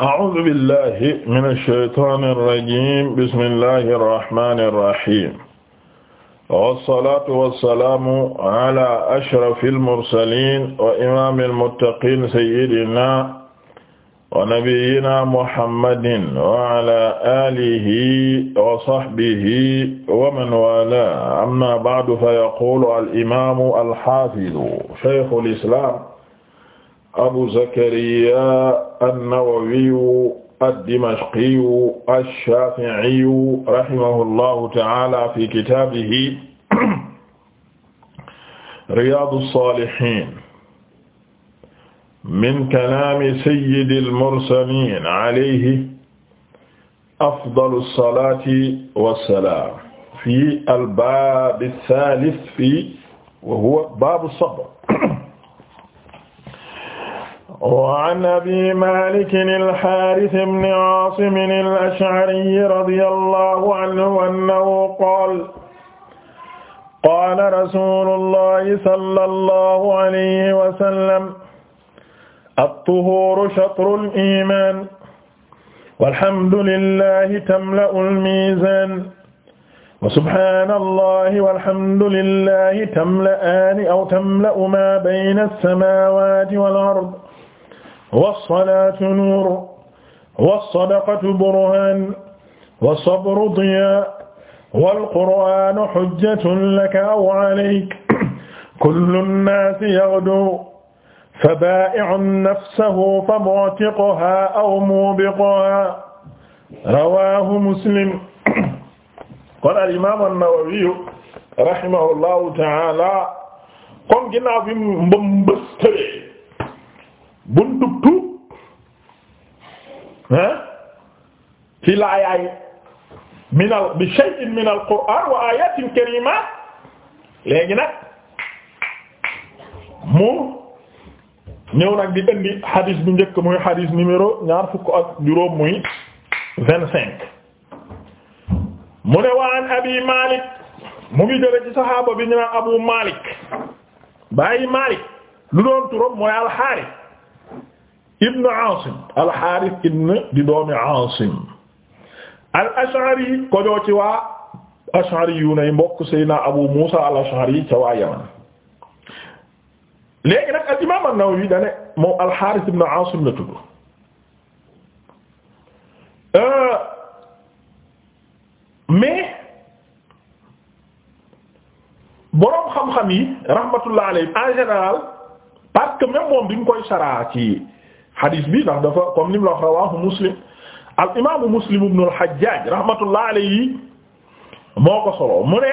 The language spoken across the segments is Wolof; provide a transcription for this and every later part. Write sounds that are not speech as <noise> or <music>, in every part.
a'uuzu billahi mina shaytaani rajiim bismillahi rahmaani rahiim wassalaatu wassalaamu ala ashrafil mursaliin wa imaamil muttaqiin sayyidinaa wa nabiyyinaa muhammadin wa ala aalihi wa sahbihi wa man waalaahu ammaa ba'du fa yaquulu al imaamu al haafizu shaykhul islaam abu zakariya annawawiyu addimashqiyu ash-shaafi'iyu rahimahullahu ta'ala fi kitaabihi <clears throat> riyaadus saalihiin min kalaami sayyidil mursaliin alayhi afdalus salaati wassalaam fi al-baab ath-thaalith fi wa huwa baabu sabr وعن أبي مالك الحارث بن عاصم الأشعري رضي الله عنه أنه قال قال رسول الله صلى الله عليه وسلم الطهور شطر الإيمان والحمد لله تملأ الميزان وسبحان الله والحمد لله تملأان أو تملأ ما بين السماوات والأرض والصلاة نور والصدقة برهان والصبر ضياء والقرآن حجة لك أو عليك كل الناس يغدو فبائع نفسه فمعتقها أو موبقها رواه مسلم قال الإمام النووي رحمه الله تعالى kon ginnaaw bi mbëmbëstëre buntub tuub ah ci laayaay minal bi shay'in minal qur'an wa ayatin karimat léegi nag mu ñëw nag di indi xadis bu njëkk muy xadis numéro ñaar fukk ak juróom muy mu ne waan abi malik mu ngi jële ci bi ñu abu malik bàyyi malik lu doon turam mooy alxaaris ibn Aasim al-Haaris ibn di doomi Aasim al-Ash'ari ko ñoo ci waa Ash'ari yu nay mbokk Seydina Abu Muusa al-Ash'ari ca waa Yaman léegi nag al-Imaam an-Nawawi da ne moom al-Haaris ibn Aasim la tudd euh, mais boroom xam-xam yi rahmatullah alayhi en général parce que moom bi koy saraa ci xadis bi ndax dafa comme lim la wax rawahu muslim al imaamu muslim ibnu al hajjaaj rahmatullah alayhi moo ko solo mu ne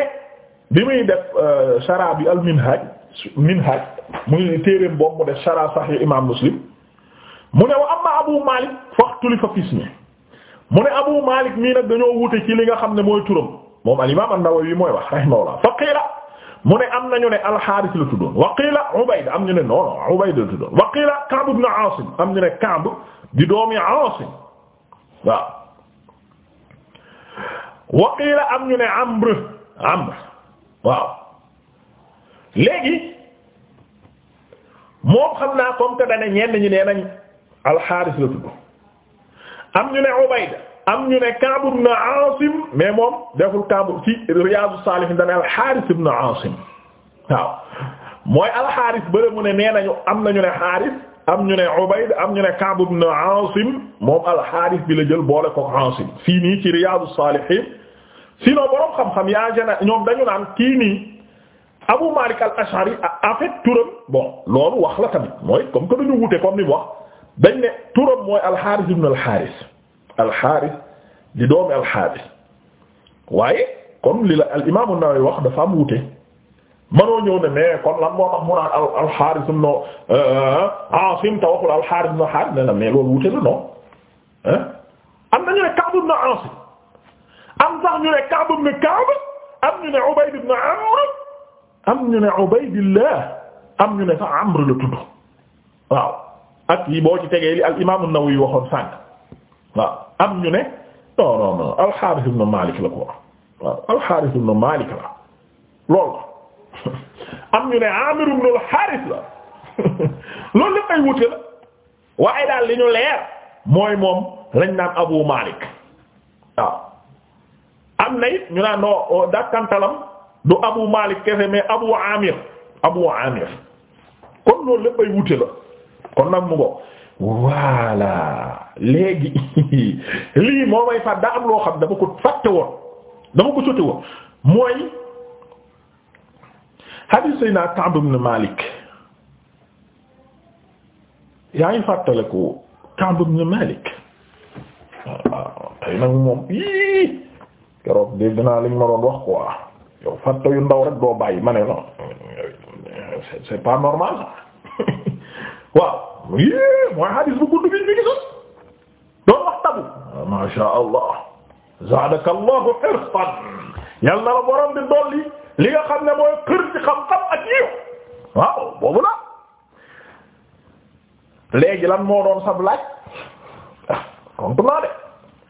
bi muy def euh, shara bi al minhaj minhaj muy téereem boobu mu def shara sahih imam muslim mu ne wa amma abu malik faxtulifa fi ismi mu ne abu malik mii nag dañoo wute ci li nga xam ne mooy turam moom al imam an-nawawi mooy wax rahimahullah fa qiila mu ne am nañu ne alxaaris la tuddoon wa qila Ubayd am ñu ne non non Ubayd la tuddoon wa qila Ka'b ibn Aasim am ñu ne Ka'b di doomi Aasim waaw wa qila am ñu ne Amr Amr waaw léegi moom xam naa comme que dañ ñenn ñi nee nañ alxaaris la tuddoon am ñu ne Ubayd am ñu ne Ka'b ibn Aasim mais moom deful Ka'b ci Riyaadu Saalihiin dana al-Haaris ibn Aasim waaw mooy al-Haaris mu ne nee nañu am nañu ne Haaris am ñu ne Ubayd am ñu ne Ka'b ibn Aasim moom al-Haaris bi la jël boole ko Aasim fii nii ci Riyaadu si sinon borom xam-xam yaa jana ñoom dañu naan kii nii Abu Maalik al-Ash'ari en turam bon loolu wax la tamit mooy comme que dañu wute comme ni mu wax dañ ne turam mooy al-Haaris ibn alxaaris di doomi alxaaris waaye kon li la al imaamu Nawawi wax dafa am wuute mënoo ñëw ne mais kon lan moo tax mu naan al alxaaris am na Aasim te waxul alxaaris am na xaaris ne la mais loolu wuute la non am nañu ne Kaab ibn Aasim am sax ñu ne Kaab ibn Kaab am ñu ne Ubayd ibn Amr am ñu ne Ubaydillah am ñu ne sax Amr la tudd waaw ak yi boo ci tegee li al imaamu Nawawi waxoon sànq. waaw am ñu ne non non non al-Harith Malik la ko <laughs> am ñu ne Amir ibn al-Harith la <laughs> loolu lépp ay wute la waaye daal li ñu leer mooy moom lañ naan Abu Malik waaw am na ñu naan no oh, dakkantalam du Abu Malik kese mais Abu Amir Abu Amir kon loolu lépp ay wute la kon nag mu ngo voilà léegi <laughs> lii moo may fàtt daa loo xam dama ko fàtte woon dama ko sotti woon mooy hadith sayna Ka'b ibn Malik yaa ngi fàttaliku Ka'b ibn Malik waaw tey nag moom yii keroog dégg naa liñ ma doon wax quoi yow fàtte yu ndaw rek doo bàyyi ma ne c'est pas normal <laughs> waaw yii mooy hadith bu gudd bi ñu doon wax tabu ma sha allah zaadaka allahu la borom bi li nga xam ne mooy xër ci xam-xam ak waaw boobu la léegi lan moo doon sab laaj tontu naa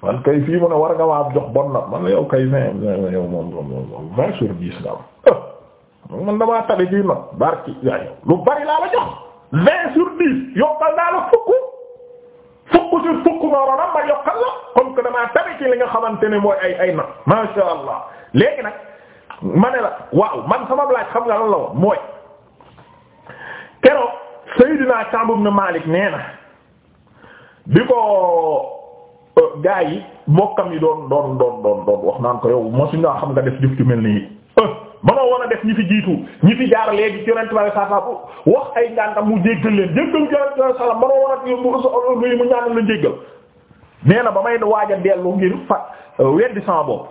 mu ne war nga waa jox bon man yow kay vingt yow moom moom vingt sur dix nga eh, man barki lu bari laa la jox vingt sur dix yokkal la fukk fukk ci fukk nga waroon ma yokkal la comme que damaa tabe li nga xamante ne mooy ay ay na masha Allah léegi nag ma ne la waaw man sama laaj xam nga lan la woon mooy keroog Seydina Ka'b ibn Malik nee na bi ko euh, gaa yi mbokkam yi doon doon doon doon doon wax naan ko yow mosu nga xam nga def jëf ju mel nii manoo war a def ñi fi jiitu ñi fi jaar léegi ci yonent bi sallallahu alayhi wasallam wax ay ngàntam mu jéggal leen jéggal ci yonent mu mu la jéggal nee na ba may waaj a dellu ngir fa euh, weddi sama bopp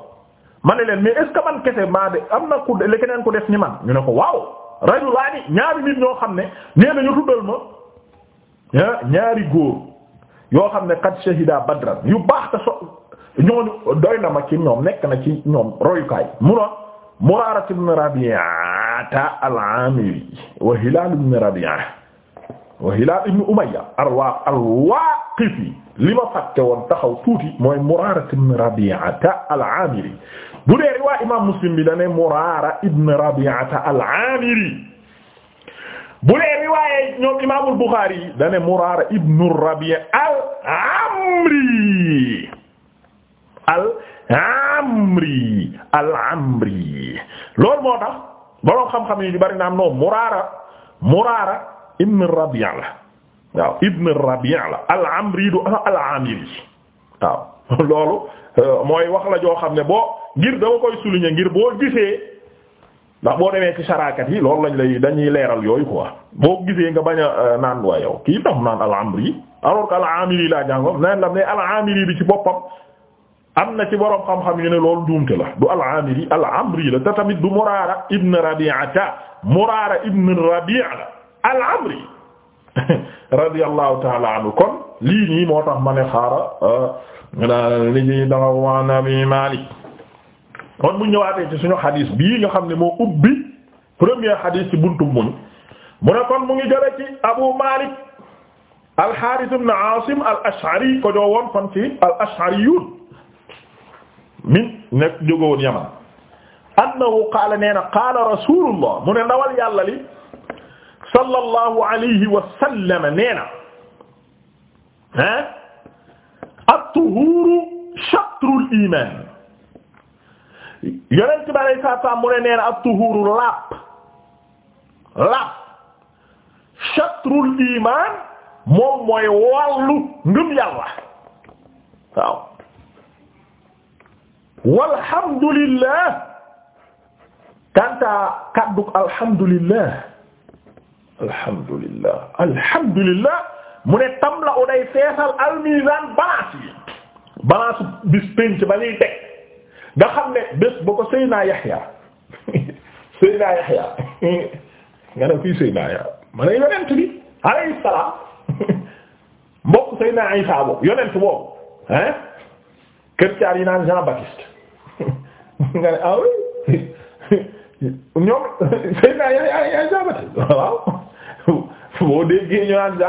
ma ne leen mais est man kese maa de am na ku keneen ku def ni man ñu ne ko waaw rajulaani ñaari nit ñoo xam ne nee na ñu tuddal ma ah, ñaari góor yoo xam ne qad shahida badran yu baax te so ñooñu doy na ma ci ñoom nekk na ci ñoom royukaay mu noon Muraara ibn Rabi'ata al-Aamiri wa Hilaal ibn Rabi'a wa Hilaal ibn Umayya al-Waaqifi li ma fàtte woon taxaw tuuti mooy Muraara ibn Rabi'ata al-Aamiri bu dee riwaa imaam Muslim bi da ne Muraara ibn Rabi'ata al-Aamiri bu dee riwaaye ñoom imaamul Buxaari yi da ne Muraara ibn Rabi'a al-Amri al amri al amri loolu moo tax borom xam-xam yi ñu bari naam noonu muraara muraara ibn rabi'a la waaw ibn rabi'a la al amri du ah, al amiri waaw <laughs> loolu euh, mooy wax la joo xam ne boo ngir dama koy souligner ngir boo gisee ndax boo demee ci saraakat yi loolu lañ lay dañuy leeral yooyu quoi boo gisee nga bañ a euh, naan waa yow kii tax naan al amri al amiri laa jàngoon naan la al amiri bi ci boppam am na ci borom xam-xam yu ne loolu njuumte la du al-Amiri al-Amri la te tamit du Murara ibn Rabi'ata Murara ibn Rabi'a al-Amri <laughs> radiyallahu ta'ala anhu kon lii nii moo tax ma ne xaaral euh, li ñuy danga waan Abi Malik kon bu ñëwaatee ci suñu xadis bii nga xam ne moo ubbi premier xadis ci buntu muñ mu ne kon mu ngi jëlee ci Abu Malik al-Harith ibn Asim al-Ash'ari ko joowoon fan ci al-Ash'ariyun min nekk jógowoon yaman annahu qaala nee na qaala rasulullah mu ne ndawal yàlla li sallallahu alayhi wa sallam nee na ah at-tuhuru shatrul iman yonent bi alay saa salaam mu ne nee na at-tuhuru lapp lapp shatrul iman moom mooy wàllu ngëm yàlla waaw walhamdulillah kanta kadduk alhamdulillah alhamdulillah alhamdulillah mu ne tam la u day feesal almizan balance yi balance bis pénc xam ne bés ba ko Seyna Yaxya <laughs> Seyna Yaxya <laughs> nga ne kuy Seyna Yaxya ma ne yonent bi salaam <laughs> mbokk Seyna Isa boobu yonent boobu hein kër caar yi <laughs> nga ah oui <laughs> ñoom Seydina <laughs> ah, yaay yaay Jean Baptiste waaw Saint-Jean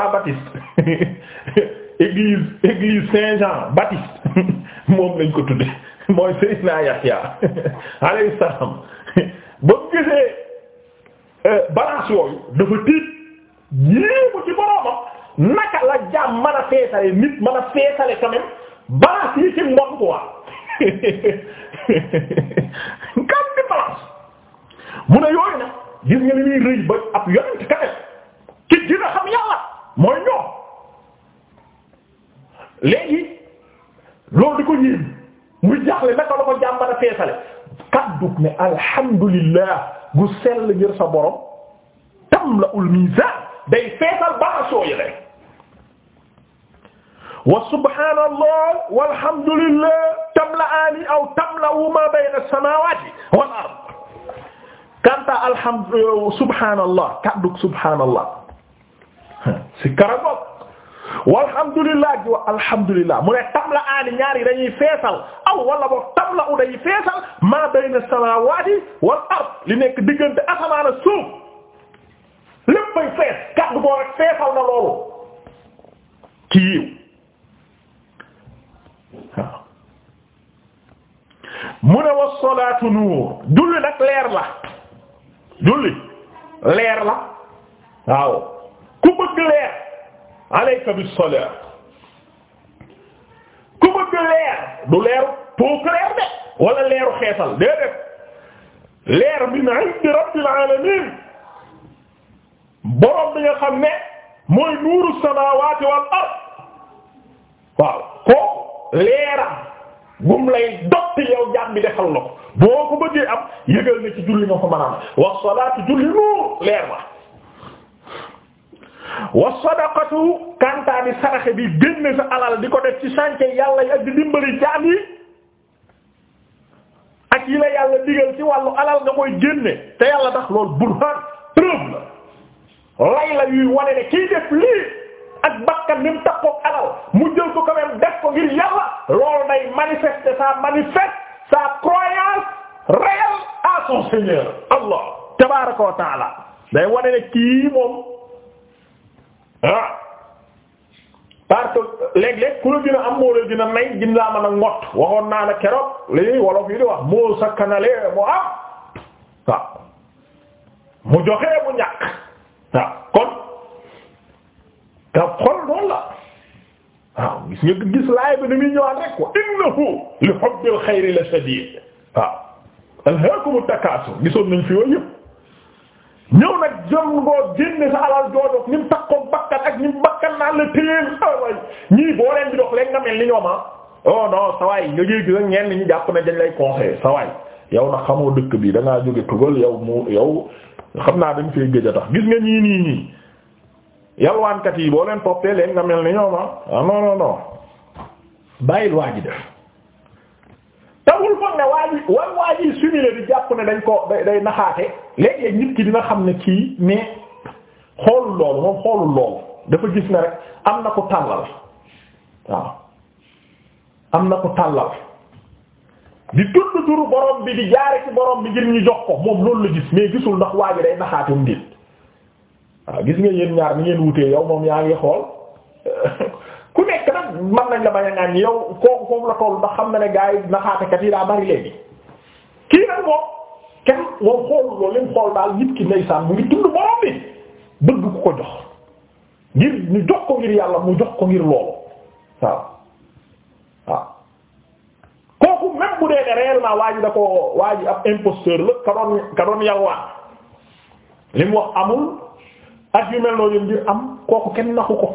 Baptiste moom lañ ko tudde mooy Seydina Yaxya alayhi salaam ba mu gisee euh, balance yooyu dafa tiit yéemu ci boroomam naka la jaam mën a feesale nit mën a feesale quand balance yi ci ndam quoi. ngam balance mu ne yooyu nag gis nga li muy rëy ba ab yonent kanet ki dina xam yàlla mooy ñoom léegi loolu di ko yéem muy jaaxle naka la ko jàmbara feesale kaddu ne alhamdulillah gu sell ngir sa borom tam la ul mizan day feesal baasoo yi rek wa subhaanallah walhamdulillah tamla'aani aw tamla'u maa bayna as-samaawaati wal ard kanta alhamdu subhaanallah kàddug subhaanallah si karagog walhamdulillah ji wa alhamdulillah mu ne tamla'aani ñaari dañuy feesal aw wala boog tamla'u dañuy feesal maa bayna as-samaawaati wal ard li nekk diggante asamaan ak suuf lépp ay fees kàddu boo rek feesal na loolu ci yiw waaw mu ne wa salaatu nuur julli nag leer la julli leer la waaw ku bëgg leer alayka bis salaat ku bëgg leer du leeru toog leer de wala leeru xeesal déedéet leer min indi rabbil alamin borom bi nga xam ne mooy nuuru samaawaati wal ard waaw ko leeram gum lay dotti yow jaam bi defal ko boo ko bëggee am yëgal na ci julli nga ko mën a am wa salaatu julli nuur leer ba wa sadaqatu kantaa di saraxe bi génn sa alal di ko def ci chantier yàlla yi ak di dimbali jaam ak yi la yàlla digal ci wàllu alal nga koy génne te yàlla tax loolu burhan preuve la lay la yuy wane ne kiy def lii ak bakkan ni mu tax alal mu jël ko quand def ko ngir loolu day manifester ça manifeste sa croyance réelle à Allah tabaaraka wa day wane ne kii moom ah parce que léeg ku la gën a am moo la gën a laa mën a ngott waxoon naa la keroog lii wolof yi di wax moo moo am waaw mu joxe mu ñàkk waaw kon te xol loolu la. waaw gis nga gis laay bi ni muy ñëwaat rek quoi innahu li hubbil xayri la shadid waaw alhaakumu takaasur gisoon nañ fi yooyu yëpp ñëw nag jëm ngoo génne sa alal joojoog ni mu takkoon bakkan ak ni mu bakkan ah, boo leen bi dox leen nga mel ni ñoom ah oh non sawaay nga jéegi sa ñenn ñi jàpp na dañ lay conseillé sawaay yow na xamoo dëkk bi da ngaa jóge tugal yow mu yow xam naa dañ fee gëj a tax gis nga ñii nii ñii yalwaankat yi boo leen toppee leen nga mel ni ñoom ah, ah non non bàyyil waa ji def tawul foog ne waa ji war waa ji simile di jàpp ne dañ ko day naxaate léeg nit ki dina xam ne kii mais xoolul loolu moom xoolul loolu dafa gis ne rek am na ko tàllal waaw am na ko tàllal di tudd turu borom bi di jaare ci borom bi ngir ñu jox ko moom loolu la gis mais gisul ndax waa day naxaatum nit waaw gis nga yéen ñaar ni ngeen wutee yow moom yaa ngi xool <laughs> ku nekk nag mën nañ la bañ a naan yow kooku foofu la toll ndax xam na ne gars yi naxaatekat yi daa bari léegi kii nag moom kenn moom xoolul loolu leen xool daal nit ki ndeysaan mu ngi tund borom bi bëgg ku ko jox ngir ñu jox ko ngir yàlla mu jox ko ngir loolu waaw waaw kooku même bu dee ne réellement waa ji da ko waa ji ab imposteur la ka doon ka doon wax amul ak yu mel noonu ngir am kooku kenn naxu ko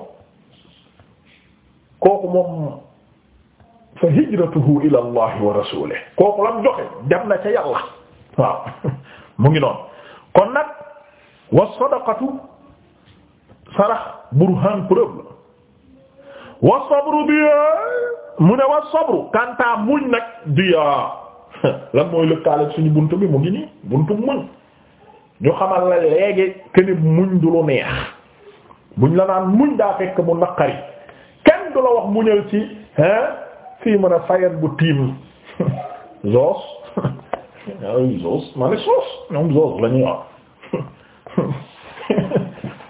kooku moom fa hijratuhu ila allah wa rasulih kooku lam joxe dem na ca yàlla waaw <laughs> mu ngi noonu kon nag wa sadaqatu sarax burhan preuve wa sabru diya mu ne wa sabru kanta muñ nag diya <laughs> lan mooy lëkkaale suñu buntu bi mu ngi nii buntu muñ ñu xamal la léegi këni muñ du lu neex buñ la naan muñ daa mu naqari kenn du la wax muñal ci hein fii mën a bu tiim zoos ay zoos ma ne soos ñoom zoos la ñuy wax <laughs>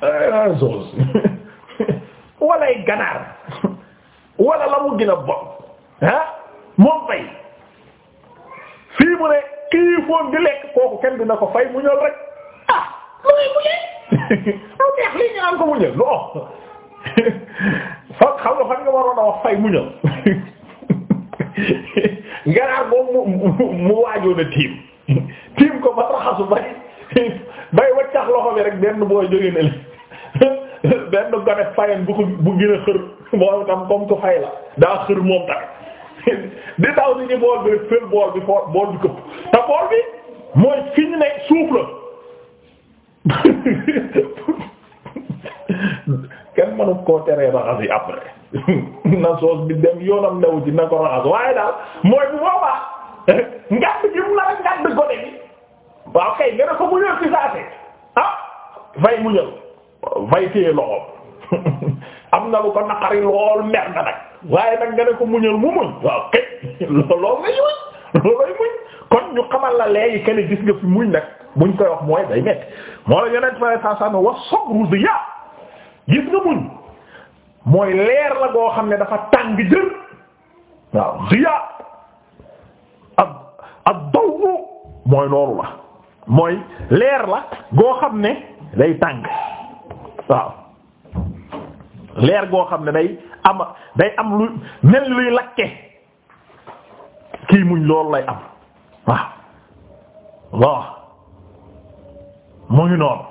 eh, ah, zoos <laughs> walay ganaar <laughs> wala la mu gën a bon ah moom fay fii kii foon lekk kooku kenn dina ko fay muñal rek lu muy mujjee lu <laughs> neex lii ñu ko muñal lu om fa xam nga fan nga waroon a wax fay muñal ganaar <laughs> boobu mu mu waajoon a tiim <laughs> tiim ko ba raxasu bay bay waccax loxo bi rek benn booy jóge na li benn gone fayen bu ko bu gën a xër bool tam comme ko fay la daa xër moom tamit di daw ni ñu bool bi fël bool bi bool bi këpp te bool bi mooy fi ne suuf la kenn mënu koo teree raxas yi après na soos bi dem yoonam new ci na ko raxas waaye daal mooy bu boobaa ngàdd gi mu la ngàdd gone bi waaw kay nga ne ko muñal ci saase ah, am na lu ko naqari lool mer na nag waaye nag nga ne ko muñal mu muñ waaw kay loolu nga loolooy muñ kon ñu xamal la léegi kenn gis nga fi muñ nag buñ koy wax mooy day metti moo la yonent fa saa saa wax sabru diya gis nga muñ mooy leer la goo xam ne dafa tàng ak ak daw mooy leer la goo xam ne day tàng waaw leer goo xam ne day am day am lu mel luy lakke kii muñ loolu lay am waaw mu ngi noonu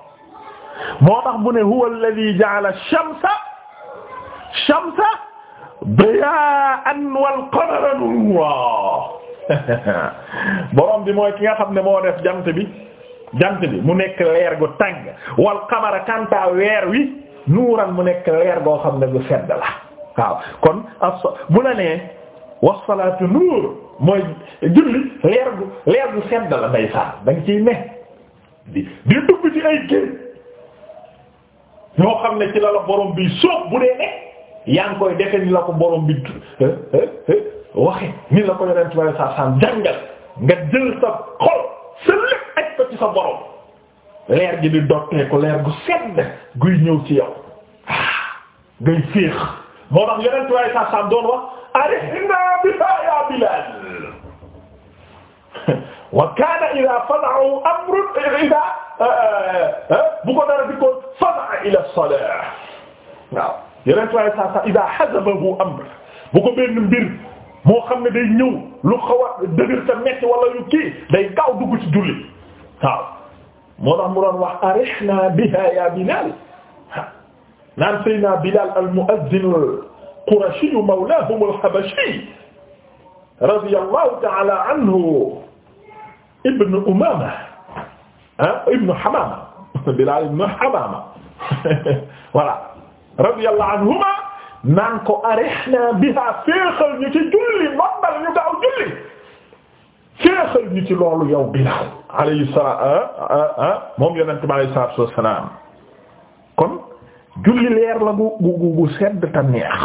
moo tax bu ne huwa alladhi ja'ala shamsa shamsa diyaa'an wal qamara nuura <laughs> borom bi mooy ki nga xam ne moo def jant bi jant bi mu nekk leer gu tàng wal qamara kanta weer wi nuuran mu nekk leer goo xam ne gu kon as bu la nee was mooy julli leer gu leer gu sedd la day sax da nga ciy ne di dugg ci ay géej ñoo xam ne ci la la borom bi soob bu dee ne yaa ngi koy defe ni la ko borom bi eh, eh, eh, waxe ni la ko yonent bi saa saam jàngal nga jël sa xol sa lépp aj ko ci sa borom leer gi di dottee ko leer gu sedd guy ñëw ci yow ah, ngay féex moo tax yeneen tuwaay sax sax doon wax arihna biha ya Bilal <laughs> wa kana idha fada'u amrun idha eh, eh, eh, bu ko dara di ko fada'a ila salah waaw yeneen tuwaay sax sax idha hazabahu amr bu ko benn mbir moo xam ne day ñëw lu xaw a dëgër sa metti wala yu kii day gaaw dugg ci julli waaw moo tax mu doon wax arihna biha ya Bilal naan Seydina Bilal al-mu'azzin al-qurashi mawlahum al-habashi radiyallahu ta'ala anhu ibn Umama ah ibn Hamama Bilal ibn Hamama <laughs> voilà radiyallahu anhuma naan ko arihna biha féexal ñu ci julli mambal ñu gaaw julli féexal ñu ci loolu yow Bilal alayhi salaam ah, ah, ah, moom yonent bi alayhi salaatu wa salaam julli leer la gu gu gu sedd ta neex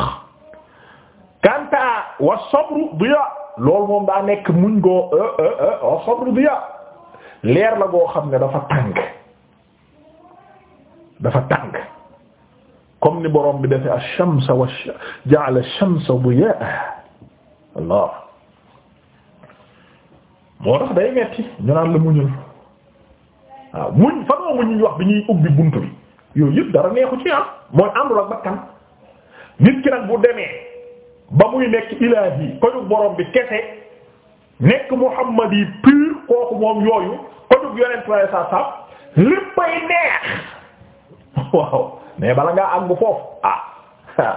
kanta wa sabru diya loolu moom daa nekk muñ goo e, e, e, wa sabru diya leer la goo xam ne dafa tàng dafa tàng comme ni borom bi defee ash-shamsa wa ja'ala ash Allah moo tax day metti ñu naan la muñul waaw muñ fa noo muñ wax bi ñuy ubbi buntu bi yooyu yëpp dara neexu ci a ah. mooy àndul ak bakkan nit ki nag bu demee ba muy nekk ilaahi ko ñu borom bi kese nekk muhammad yi pur kooku moom yooyu ko ñu yonent waaye saa saa léppay neex <laughs> waaw mais bala ngaa àgg foofu ah <laughs>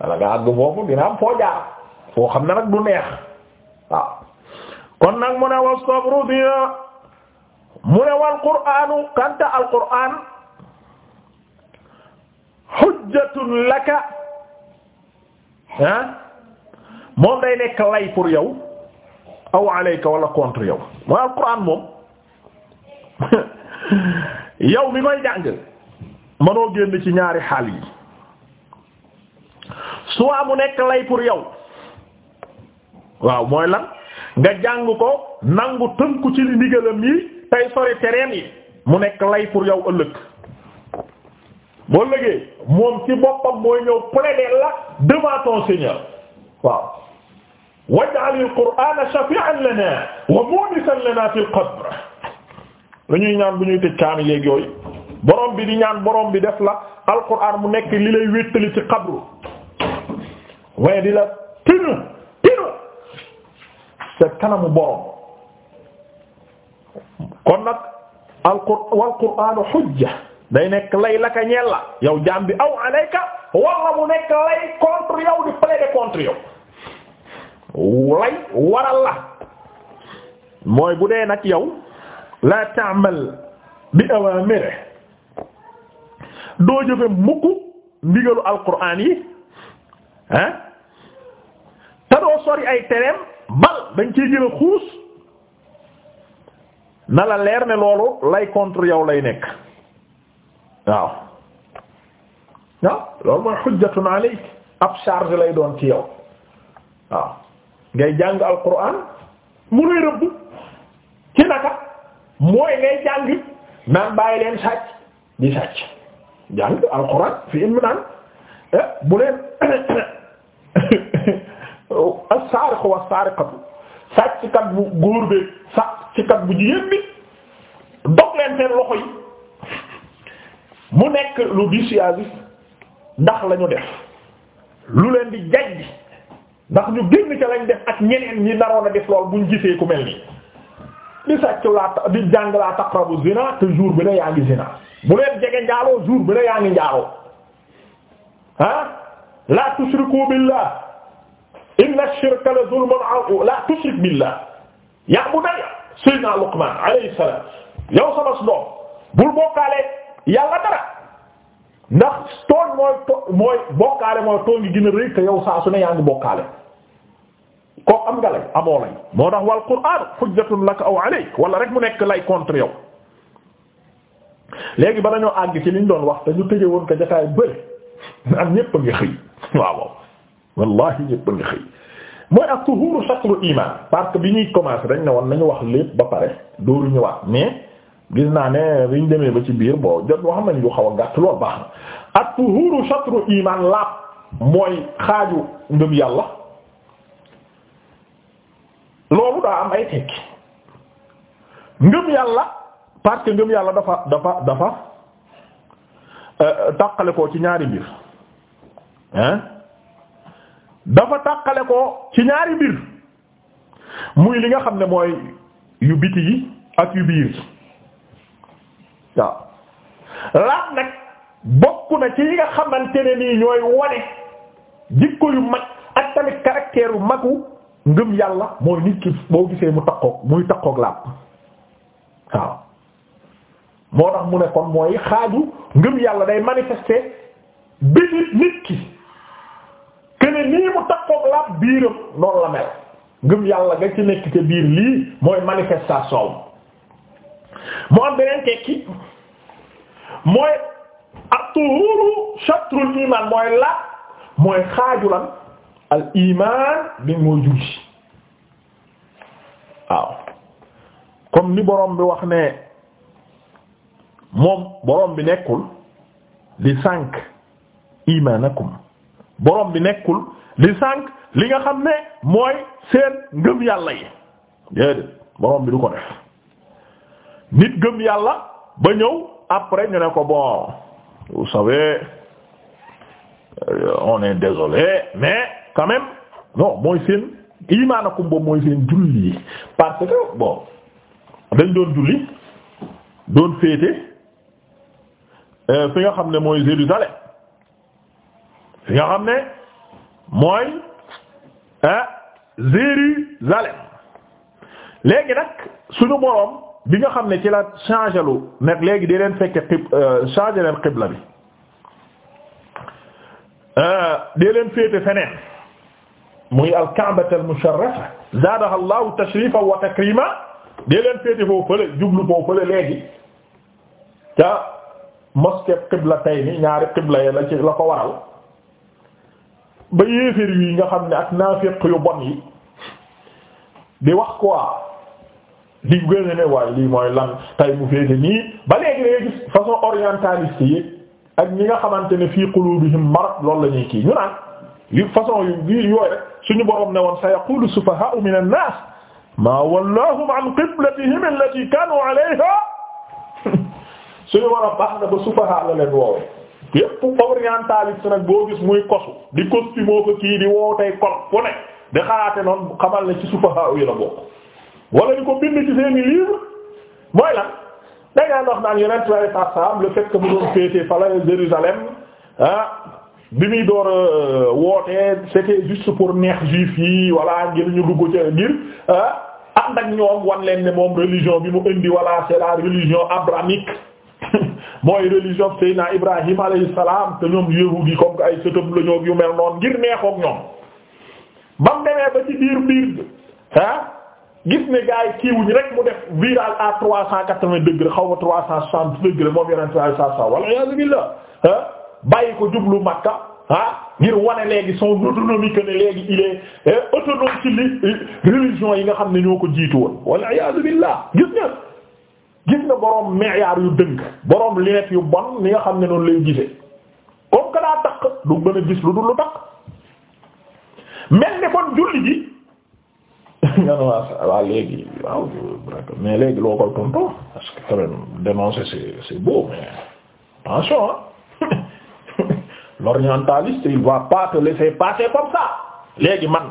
bala ngaa àgg foofu dina am foo foo xam ne nag du neex kon nag mu ne wa sabru dina mu ne wal qur'anu kanta al hujjatun laka ah moom day nekk lay pour yow aw alayka wala contre yow mooy alquran moom <laughs> yow mi may jàng mënoo génn ci ñaari xaal yi soit mu nekk lay pour yow waaw mooy lan nga jàng ko nangu tënku ci li ndigalam yi tey sori tereem yi mu nekk lay pour yow ëllëg boo lëgee moom ci boppam mooy ñëw plaider la devant ton Seigneur waaw waj'al al-Qur'ana shafi'an lana wa mu'nisan lana fil qabr lu ñuy ñaan bu ñuy tëj kaami léegi yooyu borom bi di ñaan borom bi def la alquran mu nekk li lay wéttali ci xabru waaye di la tinu tinu sa kanamu borom kon nag alqur wal qur'anu hujja day nekk lay laka ñeel la yow bi aw alayka walla mu nekk lay contre yow lay waral la mooy bu dee nag yow la ta'mal bi awamire doo jëfe mukk ndigalu alquran yi ah te doo sori ay tereem bal dañ ciy gën xuus na la leer ne loolu lay contre yow lay nekk waaw waaw loolu mooy xujjatun alayk ab charge lay doon ci yow waaw ngay jàng alquran mu lay rëbb ci naka mooy ngay jàng naan bàyyi leen di sàcc jàng alquran fi mu naan eh, bu leen <coughs> as-saariqu was-saariqatu sàcckat bu góor beeg sàcckat bu jigéen bi dog leen loxo yi. mu nekk lu dissuasif ndax lañu def lu leen di jajj ndax ñu génn ca lañ def ak ñeneen ñi naroon a def lool buñ gisee ku mel nii di sàcc laa di jàng laa taqrabu zina te jour bi ne yaa ngi zina bu leen jege njaaloo jour bi ne yaa ngi njaaloo ah la tushriku billah inna shirka la zulmun aw la tushrik billah yaa bunayya sayyidina Luqman alayhi salam yow sama doom bul bokkaale yàlla dara ndax tooñ mooy to mooy bokkaale mooy tooñ gi gën a rëy te yow saa su ne yaa ngi bokkaale koo am nga lay amoo lay moo tax wal qur'aan hujjatun laka aw alayk wala rek mu nekk lay contre yow léegi ba dañoo àgg ci liñ doon wax te ñu woon ko jotaay bëri naan ñépp a ngi xëy waaw wallahi ñépp a ngi xëy mooy ak tuhuru shaklu iman parce que bi ñuy commencé dañ ne woon nañu wax lépp ba pare dooru ñëwaat mais gis naa ne bi demee ba ci biir boo jot wax nañ lu xaw a gàtt lool baax na at-tuhuru shatru iman laab mooy xaaju ngëm yàlla loolu daa am ay tekki ngëm yàlla parce ngëm yàlla dafa dafa dafa euh, tàqale ko ci ñaari mbir dafa tàqale ko ci ñaari mbir muy li nga xam ne mooy yu biti yi ak yu biir waaw laab nag bokk na ci yi nga xamante ne nii ñooy wane jikko yu mag ak tamit caractère magu ngëm yàlla mooy nit ki boo gisee mu takkook muy takkook laab waaw moo tax mu ne kon mooy xaaju ngëm yàlla day manifester biti nit ki kene nii mu takkook laab biiram noonu la mel ngëm yàlla nga ci nekk te biir lii mooy manifestation mu am beneen tekki mooy at-tuhuru shatrul iman mooy la mooy xaajulan al iman bi mooy julli waaw comme ni borom bi wax ne moom borom bi nekkul di sànq imanakum borom bi nekkul di sànq li nga xam ne mooy seen ngëm yàlla yi déedéet borom bi du ko def nit gëm yàlla ba ñëw. après ñu ne ko bon vous savez euh, on est désolé mais quand même non mooy seen imaanakum boobu mooy li julli yi parce que bon dañ doon julli doon féete euh, fi nga xam ne mooy Jérusalem fi nga xam ne mooy ah Jérusalem léegi nag suñu boroom bi nga xam ne ci la changé lu nag léegi di leen fekk xib euh, changé leen xibla bi euh, dee leen féete feneen muy al-Ka'bata al leen féete foofu fële jublu foofu fële léegi ca mosquée xibla tay ni ñaari xibla yi la ci la ko waral nga xam ne ak naafiq yu bon wax ko di gën a ne waaye lii mooy lan tay mu féete nii ba léegi da ngay gis façon orientaliste yi ak ñi nga xamante ne fii qulubihim marad loolu la ñuy kii ñu naan yu façon yu yooyu rek suñu borom na woon sa yaqulu sufaha'u min an-nas ma wallahum an qiblatihim allati kanu alayha suñu war a baax na ba sufaha la leen woowe yépp orientaliste nag boo gis muy kosu di costume ko kii di woow tey kol fu ne di xalaate noonu xamal ne ci sufaha yi la bokk wala ñu ko bind ci seeni livre mooy lan dangaa wax naan yeneen tubaab par saam le fait que mu doon féetee fala Jérusalem ah, bi muy door euh, woote c'était juste pour neex juif yi wala ngir ñu dugg ci ngir ah ànd ak ñoom wan leen ne moom religion bi mu indi wala c'est la religion abrahamique <laughs> mooy religion Seydina Ibrahim alayhi salaam te ñoom yahudi comme ay sëtëm la yu mel noon ngir neexook ñoom bam demee ba ci biir biir ah. gis ne gars yi kiiwuñ rek mu def viral à trois cent quatre-vingts degrés xaw ma trois cent soixante degrés moom yeneen trois cent soixante wala yaa bàyyi ko jublu Makka ah ngir wane léegi son autonomie que ne léegi il est eh, autonome ci li religion yi nga xam ne ñoo ko jiitu woon wala yaa billah gis nga gis nga boroom meeyaar yu dëng boroom lunette yu bon ni nga xam ne noonu lay gisee comme que daa takk du mën a gis lu dul lu takk mel ni kon julli ji. nga ne waa léegi waaw mais léegi loo koy tontoo parce que quand même dénoncer c'est c'est beau mais attention hein <laughs> l'orientaliste il va pas te laisser passer man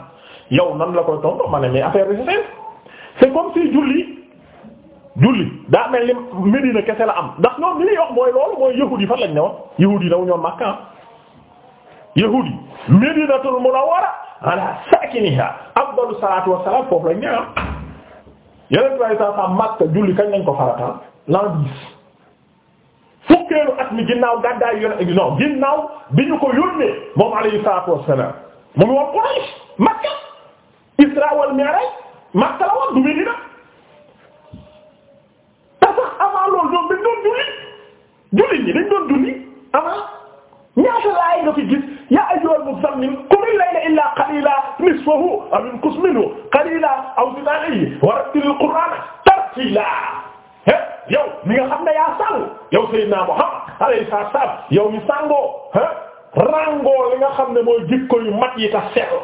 yow nan la koy tontoo ma ne mais affaire bi c'est c'est comme si julli julli daa mel ni Medina kese la am ndax ñoom li ñuy wax mooy loolu mooy yahudi yi fan lañ ne woon yahudi yi daw ñoom Makka ah. yahudi Medinatul Munawwara ala sakiniha afdalu salaatu wassalaam foofu lañ ñëwaat yeneen trois cent cent Makka julli kañ lañ ko farataal l'an dix fukkeelu at mi ginnaaw gàddaay yónnee non ginnaaw bi ñu ko yónnee moom alayhi salaatu wassalaam mu ngi woon Quraysh Makka Isra wal Mi'raj Makka la woon du Medina te sax avant loolu ñoom dañ doon julli julli ñi dañ doon julli avant ñaata laay nga fi gis. yaa ayyuhal muzzammil qumil layla illaa qaliilaa nisfahu aw inqus minhu qaliilaa aw zid alayhi wa rattilil qur'aana tartiilaa yow mi nga xam ne yaa sangu yow Seydina Muhammad alayhi salaam yow mi sangoo rangoo li nga xam ne mooy jikko yu mat yi ta sell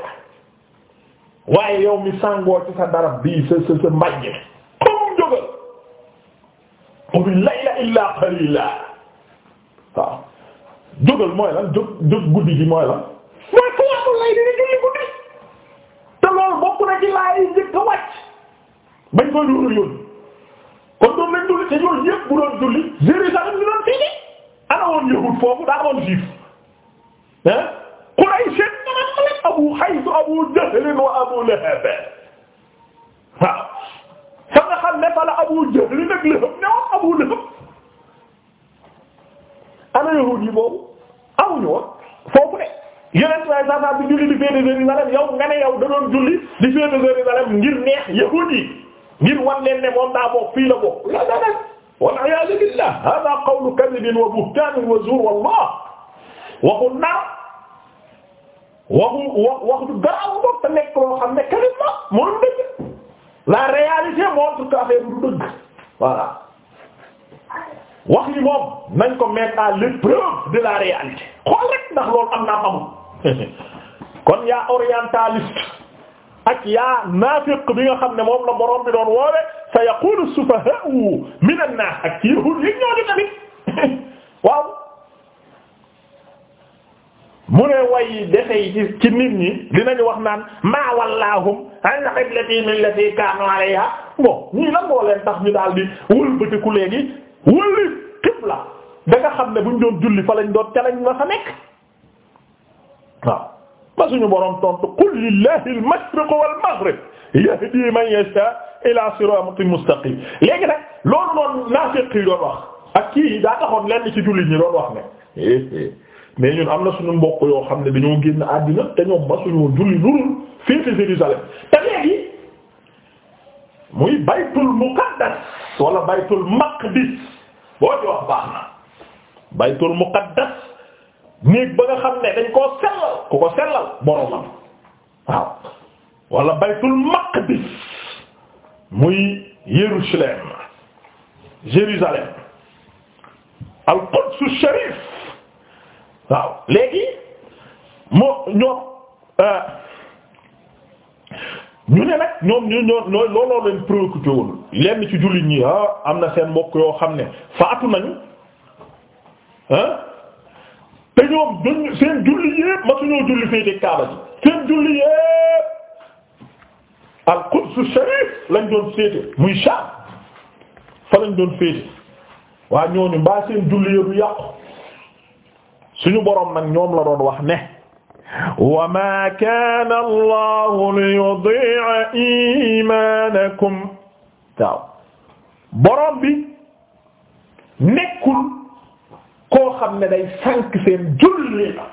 waaye yow mi sangoo ci sa darab bii sa sa sa majj comme jógal qumil layla illaa qaliilaa waaw jógal mooy lan jóg jóg guddi gi lay dina julli guddi te loolu bokk na ci laa yi njëkk a wàcc bañ koy dóoral yoon kon doon lañ julli te yooyu yëpp bu doon julli Jérusalem ñu doon fii ana woon yahud foofu daa woon juif ah Quraysh Abu Hayth Abu Jahl wa Abu Lahab waaw fa ne fa la Abu Jahl nag Lahab ne amuñu woon foofu de yeneen saa yi saa bi julli di féete Jérusalem yow nga ne yow da doon julli di féete Jérusalem ngir neex yahuud yi ngir ne moom daa bokk fii la bokk la la la wal iyaadu billah hada qawlu kadibin wa buhtaanin wa zuur wallah waxu nar waxu waxu garaaw boog nekk loo xam ne kadib la moom dëgg la réalité montre que affaire du dëgg wax li moom nañ ko mettre à l'épreuve de la réalité xool rek ndax loolu am na amul <laughs> kon yaa orientaliste ak yaa naafiq bi nga xam ne moom la borom bi doon woowe sa yaqulu sufaha'u min an-nas ak ci yahud yi ñoo tamit <laughs> waaw mu ne way defey ci nit ñi dinañu wax naan maa wallaahum an qiblati min allati kaanu alayha bon ñii lan moo leen tax daal di wëlbatiku léegi wëlli xibla da xam ne buñ doon julli fa lañ doon ca lañ ma sa nekk waaw ba suñu boroom tontu qul lillahi al-mashriq wal maghrib yahdi man yasha ila siratin mustaqim léegi nag loolu naafiq yi doon wax ak kii daa taxoon lenn ci julli ñi doon wax ne eh, eh, mais ñun am na suñu mbokk yoo xam ne dañoo génn àddina te ñoom ba suñu julli lurul féete Jérusalem te léegi muy baytul muqaddas wala baytul maqdis boo ci wax baax na baytul muqaddas néeg ba nga xam ne dañ koo sellal ku ko sellal boromam waaw wala baytul maqdis muy Jérusalem Jérusalem al qudsu sharif waaw léegi moo ñoo euh, ñu ne nag ñoom ñu ñoo looloo leen préoccupé woon lenn ci jullit ñi ah am na seen mbokk yoo xam ne faatu nañu ah te ñoom duñ seen julli yépp ma suñoo julli féete Kaaba ji seen julli yépp al-Quds sharif lañ doon féete muy Sham fa lañ doon féete waa ñooñu mbaa seen julli yépp yàqu suñu boroom nag ñoom la doon wax ne. wa maa kaana Allahu liyudii'a iimaanakum waaw borom bi nekkul koo xam ne day sànq seen julli la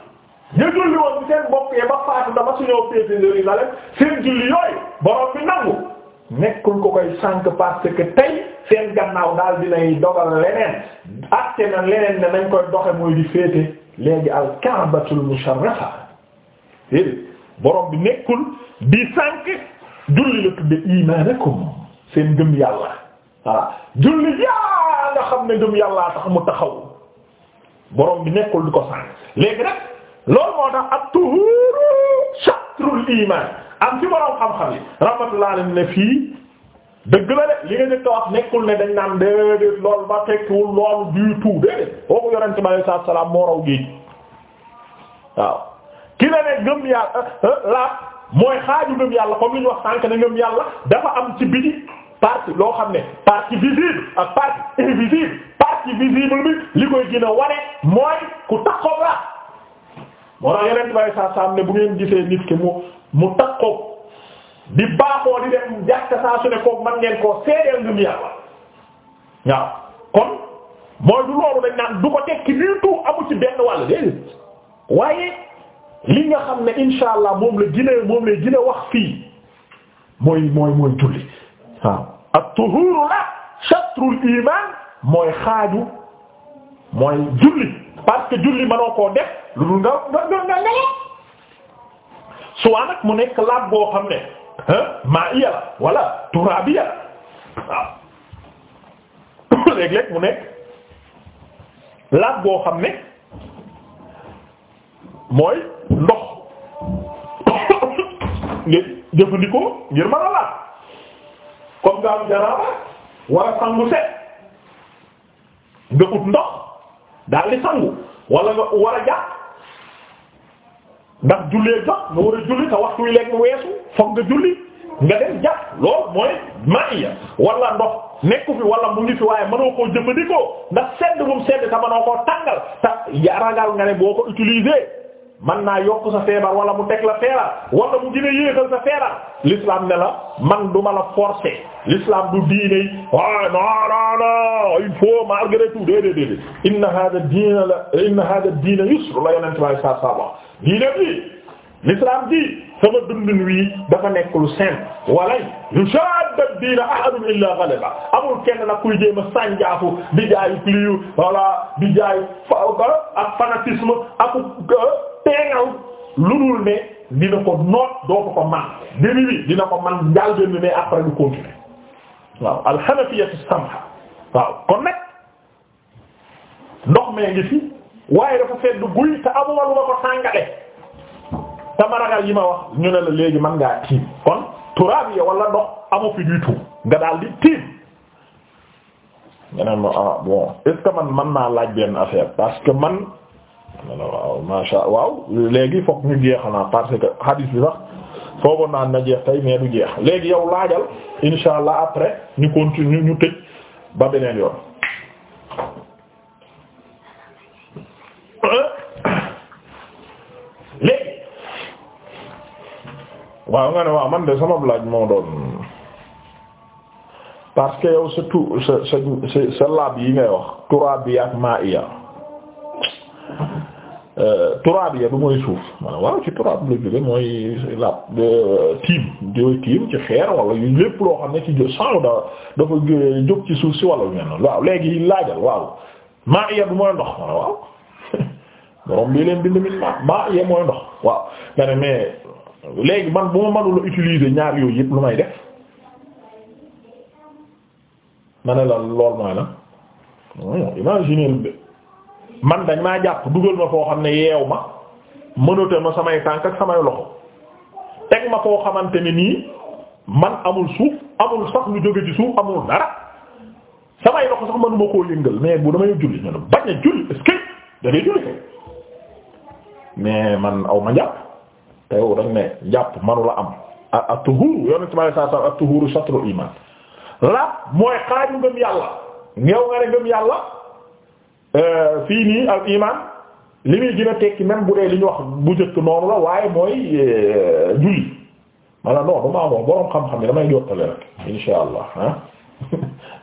ñu julli woon seen bopp yi ba faatu dama suñoo féete Jérusalem seen julli yooyu borom bi nangu nekkul ko koy sànq parce que tey seen gannaaw daal dinay dogal leneen acte na leneen ne nañ koy doxe mooy di féete léegi al ka'batul musharrafa déedéet borom bi nekkul di sànq julli la tudde imaanakum seen gëm yàlla voilà julli yaa xam ne gëm yàllaa tax mu taxaw boroom bi nekkul di ko sànq léegi nag loolu moo tax at-tuhuru shatrul iman am ci borom xam-xam yi rahmatullahi alayhi ne fii dëgg la de li nga njëkk wax nekkul ne dañ naan déedéet loolu ba tekkiwul loolu du tout déedéet boo ko yorante bi alei moo raw géej waaw ki euh, euh, la ne gëm yàlla mooy xaaju gëm yàlla comme li ñu wax sànk ne gëm yàlla dafa am ci biti partie loo xam ne partie visible ak partie invisible partie visible bi li koy gën a wane mooy ku takkoog la moo tax yeneen bay saa saam ne bu ngeen gisee nit ki mu mu takkoog di baaxoo di dem jàkka saa su ne koog man ngeen koo seedeel ngëm yàlla waaw kon mooy du loolu dañ naan du ko tekki nii tout amu ci benn wàll léegi waaye li nga xam ne insha allah moom la gine moom la gine wax fii mooy mooy mooy julli waaw at-tuhuru la shatrul iman mooy xaaju mooy julli parce que julli mënoo koo def lu dul nga nga nga nga nga suwaa nag mu nekk laab boo xam ne maa iya wala turaabiya la waaw <coughs> mu nekk laab boo xam ne mooy ndox <coughs> nga jëfandikoo ngir mën a laal comme nga am janaaba wala sangu set nga ut ndox daal di sangu wala nga war a jàpp ndax jullee jot nga war a julli te waxtu lekk weesu foog nga julli nga dem jàpp loolu mooy maaya wala ndox nekku fi wala mu ngi fi waaye mënoo koo jëfandikoo ndax sedd bu mu sedd te mënoo koo tàngal te ragal nga ne boo ko utiliser man naa yokk sa feebar wala mu teg la feebar wala mu gën a yéexal sa feebar l'islam ne la man du ma la forcer l'islam du diine ah non non non il faut malgré tout déedéet déedéet inna hada diina la inna hada diina yusr la yonent bi sallallahu alayhi wasallam diine bi l'islam bi sama dundin wi dafa nekk lu seen walay yushadda diina ahadun illa ghaliba amul kenn nag kuy jéem sànjaafu di jaayu pliu wala di jaayu ak fanatisme ak euh, lu dul ne dina ko noot dootu ko man début bi dina ko man jàll benn ne après du continuer waaw alxanafiyatu samha waaw kon nag ndox mee ngi fi waaye dafa fedd guy te amuma lu ma ko sàngale sama ragal yi ma wax ñu ne la léegi man ngaa tiim kon turaab yi wala ndox amu fi du tout nga daal di tiim nga ne ma ah bon est man man naa laaj benn affaire parce que man waaw masha waaw léegi fokk ñu jeexanaa parce que hadis bi sax foogoon naan na jeex tey mais du jeex léegi yow laajal insha allah après ñu continue ñu tëj ba beneen yoon waaw nga ne waaw man de sama laaj moo doon parce que yow sa tu sa sa sa yi ngay wax turaab bi ak maa iya euh, turaab ya du mooy suuf man waaw ci turaab la jóge mooy laab tiim di tiim ci xeer wala yu lépp loo xam ne ci saaw da dafa jóg ci suuf si wala yu mel waaw léegi laajal waaw maa iya du mooy ndox man waaw <laughs> borom bii leen bind min maa maa iya mooy ndox waaw nga ne léegi man bu ma mënula utiliser ñaar yooyu yëpp lu may def ma ne la lool mooy la imagine man dañ maa jàpp dugal ma foo xam ne yeew ma mënata ma samay tànk ak samay loxo teg ma foo xamante ne nii man amul suuf amul sax lu jóge ci suuf amul dara samay loxo sax manuma koo yëngal mais bu damay julli ñu ne a julli est-ce que da mais man aw ma jàpp te yow da ne njàpp manu la am at-tuhuru yonent bi alayhi salaam at-tuhuru shatrul iman la mooy xaaju ngëm yàlla ngeew nga ne ngëm yàlla euh, fii nii al iman li muy gën tekki même li ñu wax bu njëkk noonu la waaye mooy euh, julli ma ne non damaa wax borom xam-xam yi damay jottale rek insha allah <laughs>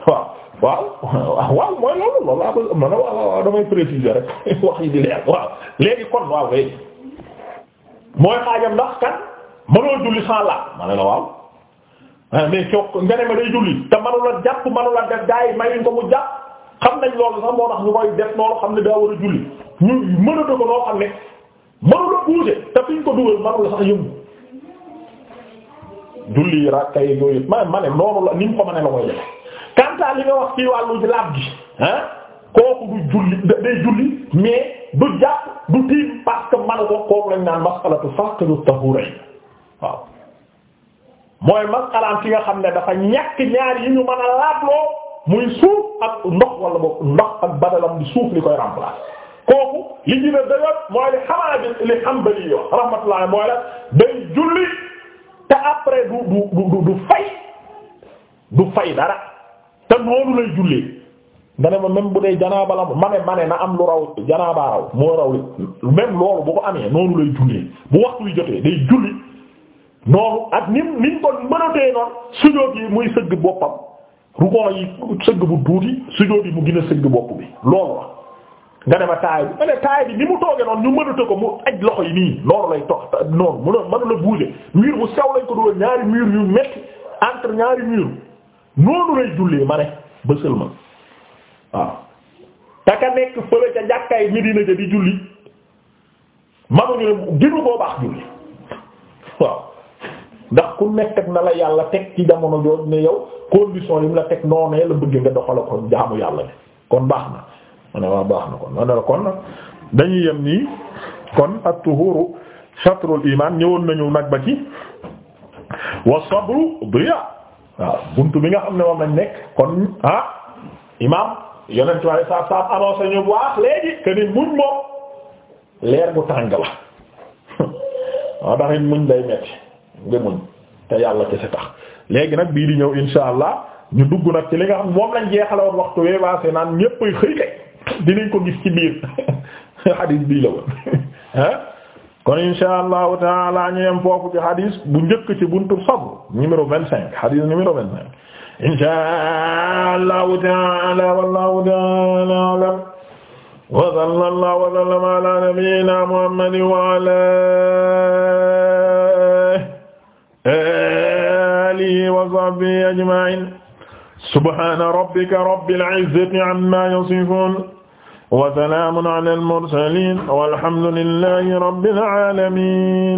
waaw waaw waaw mooy loolu loolu laa ko mën a waaw damay préciser rek <laughs> wax yi di leer waaw léegi kon waaw léegi. mooy xaajam ndax kan mënoo julli sans la ma ne la waaw ah, mais cook nga ma day julli te manula jàpp manula def gaa yi mayuñ ko mu jàpp xam nañ loolu sax moo tax ñu koy def noonu xam ne daa war a julli ñu mën ko noo manula sax yëngu julli rakka yi yooyu ma ma ne noonu la ni mu ko ma la koy def kantaa li nga wax ci wàllu laab gi ah kooku du julli day julli mais du jàpp du tiim parce manu ko kooku lañ naan mas'alatu faqidu tahurayn waaw mooy mas'alaam ki nga xam ne dafa ñàkk ñaar yi ñu mën a laatloo muy suuf ak ndox wala boog ndox ak badalam di suuf li koy remplacer kooku li gën a dëgër mooy li xamaa li Hanbali yo mooy la day julli te après du du du du fay du fay dara te noonu lay jullee nga ne ma même bu dee janaaba la ma ne ma na am lu raw janaabaa raw moo raw li même loolu bu ko amee noonu lay jullee bu waxtu yu jotee day julli noonu ak ni niñ ko mën a dee noonu sujóot yi muy sëgg boppam ruqoo yi yi mu gën bi loolu la nga ne ma taay bi nga ne taay bi ni mu tooge noonu ñu mënata ko mu loxo yi nii loolu lay tox noonu mu doon mënula bouger mur sew lañ ko doon ñaari yu metti entre ñaari mur noonu jullee ma ne bësal ma waaw taka nekk fële ca jàkkaay Medina ja di julli manuñu ne ginu boo baax julli waaw ndax ku nekk ak na la yàlla teg ci jamono jooju ne yow condition yi mu la teg noonee la bëgg nga doxala ko jaamu yàlla bi kon baax na ma ne baax na kon ma ne la kon dañuy yem nii kon at-tuhuru shatrul iman ñëwoon nañu nag ba ci wa sabru biya waaw buntu bi nga xam ne moom lañ nekk kon ah yonent waaye saab saab annoncé ñu waax léegi que muñ moom leer bu tàng la waaw daxit muñ day metti nga muñ te yàlla kese tax léegi nag bii di ñëw insha allah ñu dugg nag ci li nga xam moom lañ jeexale woon waxtu wee waase naan ñépp xëy kay dinañ ko gis ci biir xadiis <laughs> bii la woon ah <laughs> kon insha allahu taala ñu yem foofu ci xadiis bu njëkk ci buntu sabr numéro vingt cinq xadiis numéro vingt cinq inshaa Allahu ta'aala wallaahu ta'aala a'lam wa sallallaahu wa sallama alaa nabiyyinaa Muhammadin wa alaa aalihi wa sahbihi ajma'iin subhaana rabbika rabbil izzati ammaa yasifuun wa salaamun alal mursaliin walhamdu lillaahi rabbil aalamiin